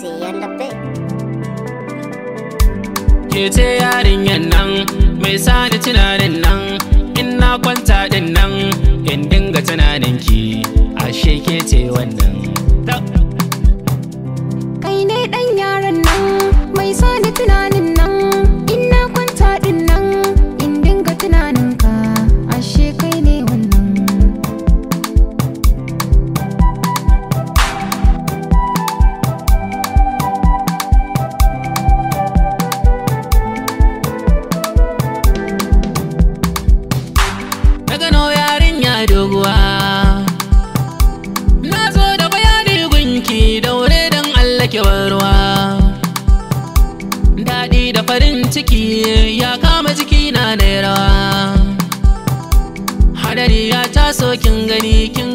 see you in Ke ce nan, mai sa tunanin nan, in na kwanta din nan, in dinga tunaninki ki, ashe ke ce wannan. Kai ne ɗan yaran nan, mai sa ni tunanin a na zo da bayani gunki daure don allake ruwa daɗi da farin ciki ya kama jiki na da hadari ya taso kin gani kin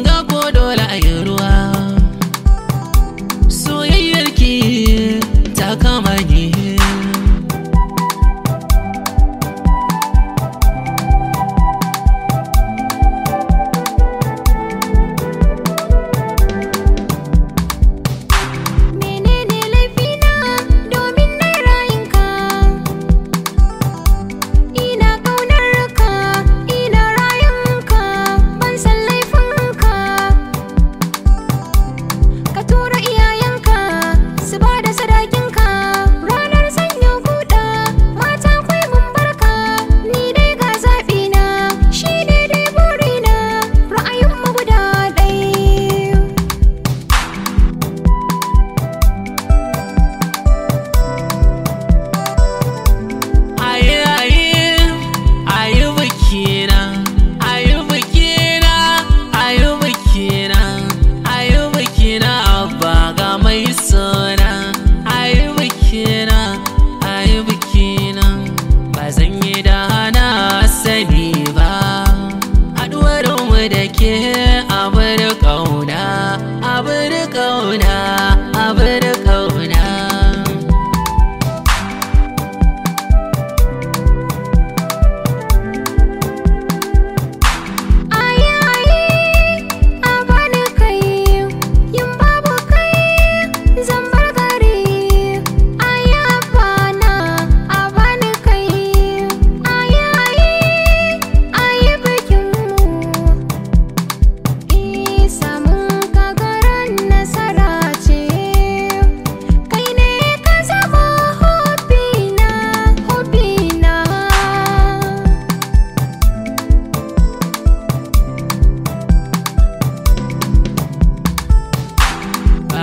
da ke abar kauna abar kauna.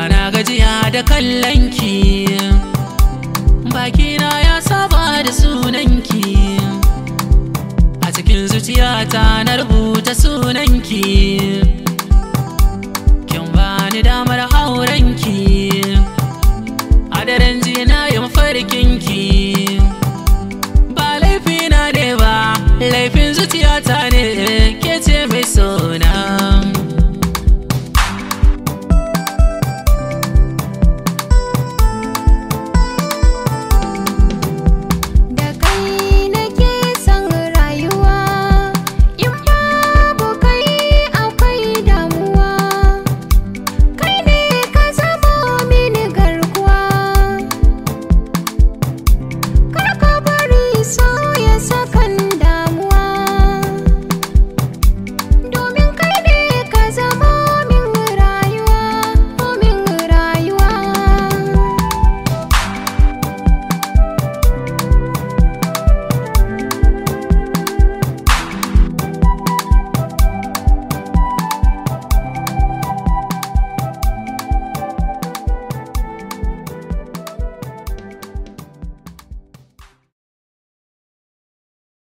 na gajiya da kallonki bakina ya saba da sunanki a cikin zuciyata na rubuta sunanki Sorry.